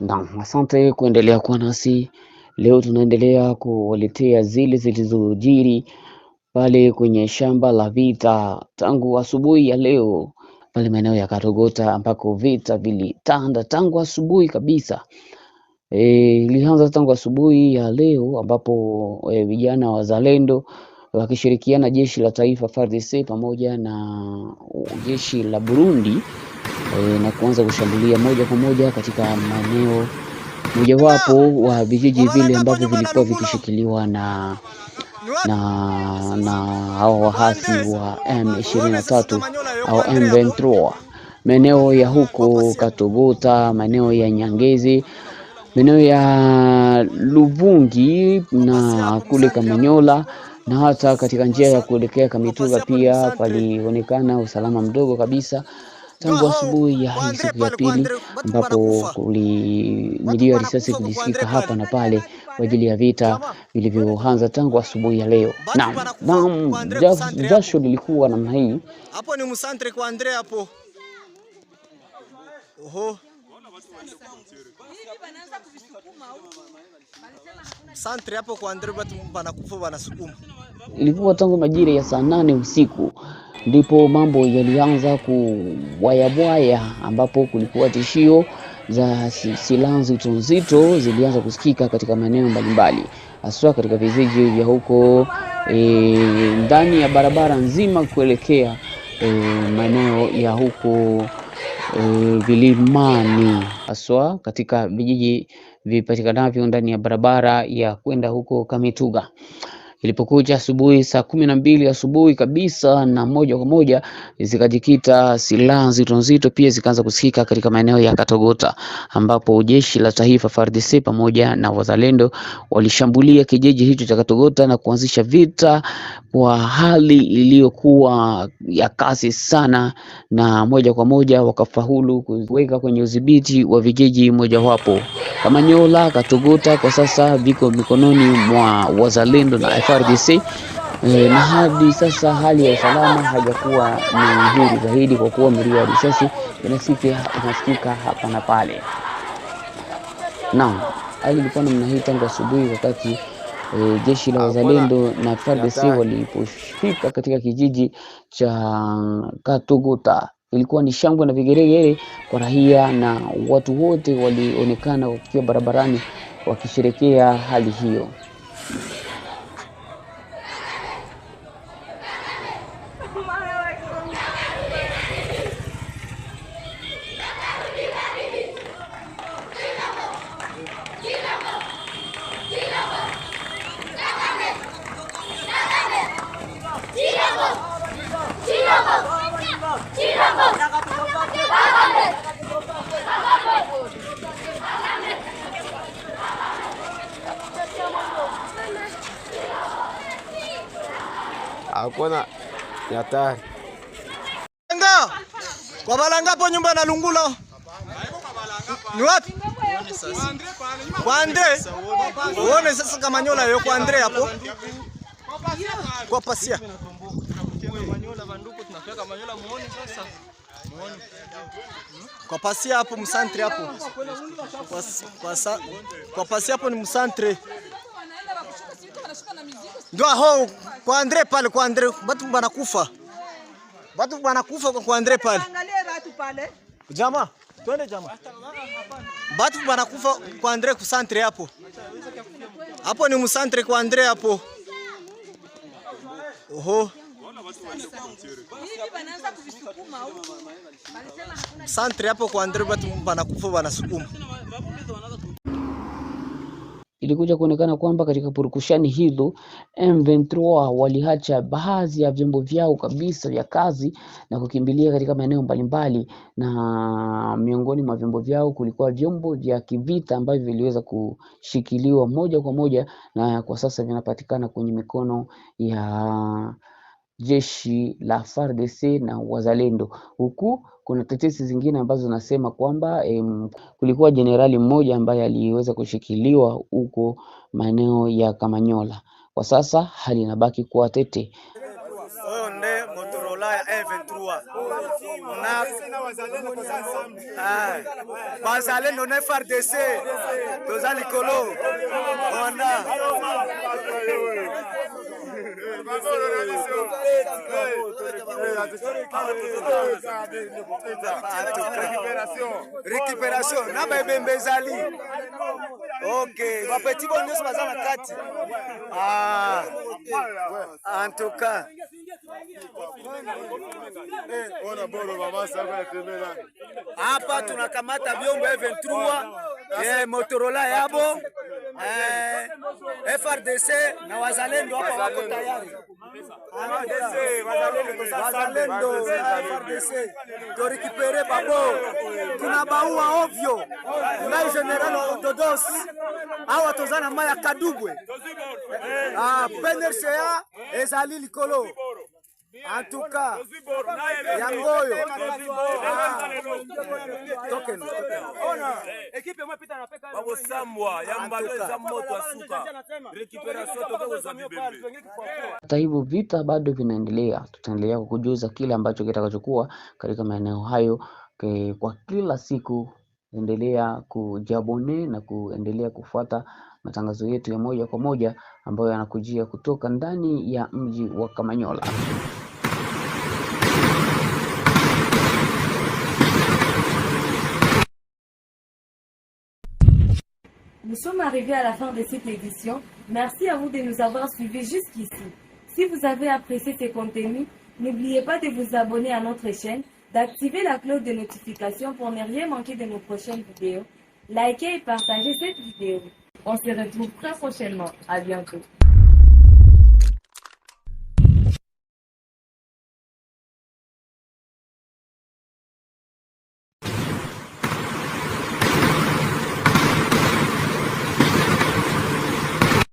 Naam, asante kuendelea kuwa nasi leo. Tunaendelea kuwaletea zile zilizojiri pale kwenye shamba la vita tangu asubuhi ya leo pale maeneo ya katogota ambako vita vilitanda tangu asubuhi kabisa. E, ilianza tangu asubuhi ya leo ambapo e, vijana wazalendo wakishirikiana jeshi la taifa FARDC pamoja na jeshi la Burundi e, na kuanza kushambulia moja kwa moja katika maeneo mojawapo wa vijiji vile ambavyo vilikuwa vikishikiliwa na na na hao wahasi wa M23 au M23, maeneo ya huko Katubuta, maeneo ya Nyangezi, maeneo ya Luvungi na kule Kamanyola na hata katika njia ya kuelekea Kamituga pia palionekana usalama mdogo kabisa tangu asubuhi ya hii siku ya pili, ambapo milio ya risasi kulisikika hapa na pale kwa ajili ya vita vilivyoanza tangu asubuhi ya leo. Naam, naam, jasho lilikuwa namna hii. Hapo ni msantre kwa Andre hapo. Oho. Santre hapo kwa Andre watu wanakufua wanasukuma. Ilikuwa tangu majira ya saa nane usiku ndipo mambo yalianza kubwayabwaya, ambapo kulikuwa tishio za silaha nzito nzito zilianza kusikika katika maeneo mbalimbali, haswa katika vijiji vya huko e, ndani ya barabara nzima kuelekea e, maeneo ya huko e, vilimani, haswa katika vijiji vipatikanavyo ndani ya barabara ya kwenda huko Kamituga ilipokuja asubuhi saa kumi na mbili asubuhi kabisa, na moja kwa moja zikajikita silaha nzito nzito pia zikaanza kusikika katika maeneo ya Katogota, ambapo jeshi la taifa FARDC pamoja na wazalendo walishambulia kijiji hicho cha Katogota na kuanzisha vita kwa hali iliyokuwa ya kasi sana, na moja kwa moja wakafaulu kuweka kwenye udhibiti wa vijiji mojawapo. Kamanyola, Katuguta kwa sasa viko mikononi mwa wazalendo na frdc e, na hadi sasa hali ya usalama hajakuwa ni nzuri zaidi, kwa kuwa milio ya risasi inasikika hapa na pale. na hali ilikuwa namna hii tangu asubuhi wakati E, jeshi la ah, wazalendo na FARDC walipofika katika kijiji cha Katuguta Ilikuwa ni shangwe na vigeregere kwa raia na watu wote walionekana wakiwa barabarani wakisherekea hali hiyo. hakuna ni hatari. Kwa Balanga hapo nyumba na lungulo ni wapi? Kwa Andre uone sasa, kama nyola yo kwa Andre hapo kwa pasia kwa pasi hapo msantre hapo kwa, kwa, kwa pasi hapo ni msantre. Ndio ho kwa Andre pale kwa Andre watu wanakufa. Watu wanakufa kwa Andre pale. Angalia watu pale. Jamaa, twende jama Watu wanakufa kwa Andre ku centre hapo. Hapo ni msantre kwa Andre hapo. Oho. Santre hapo kwa Andre watu wanakufa wanasukuma. Ilikuja kuonekana kwamba katika purukushani hilo M23 waliacha baadhi ya vyombo vyao kabisa vya kazi na kukimbilia katika maeneo mbalimbali, na miongoni mwa vyombo vyao kulikuwa vyombo vya kivita ambavyo viliweza kushikiliwa moja kwa moja na kwa sasa vinapatikana kwenye mikono ya jeshi la FARDC na wazalendo. Huku kuna tetesi zingine ambazo zinasema kwamba em, kulikuwa jenerali mmoja ambaye aliweza kushikiliwa huko maeneo ya Kamanyola. Kwa sasa hali inabaki kuwa tete. wazalendo na FARDC toza likolo récupération na bebe ezali ok bapeti bo nyonso baza na kati ah, en tout cas hapa tunakamata byombo E23 eh, Motorola yabo eh, FRDC na wazalendo hapa wako wazalendo FARDC torikipere babo, tunabaua ovyo na General Ododos awa toza na maya kadubwe PNRCA ezali likolo antuka ya ngoyo hata hivyo, vita bado vinaendelea. Tutaendelea kukujuza kile ambacho kitakachokuwa katika maeneo hayo kwa kila siku. Endelea kujabone na kuendelea kufuata matangazo yetu ya moja kwa moja ambayo yanakujia kutoka ndani ya mji wa Kamanyola. Nous sommes arrivés à la fin de cette édition. Merci à vous de nous avoir suivis jusqu'ici. Si vous avez apprécié ce contenu, n'oubliez pas de vous abonner à notre chaîne, d'activer la cloche de notification pour ne rien manquer de nos prochaines vidéos. Likez et partagez cette vidéo. On se retrouve très prochainement. À bientôt.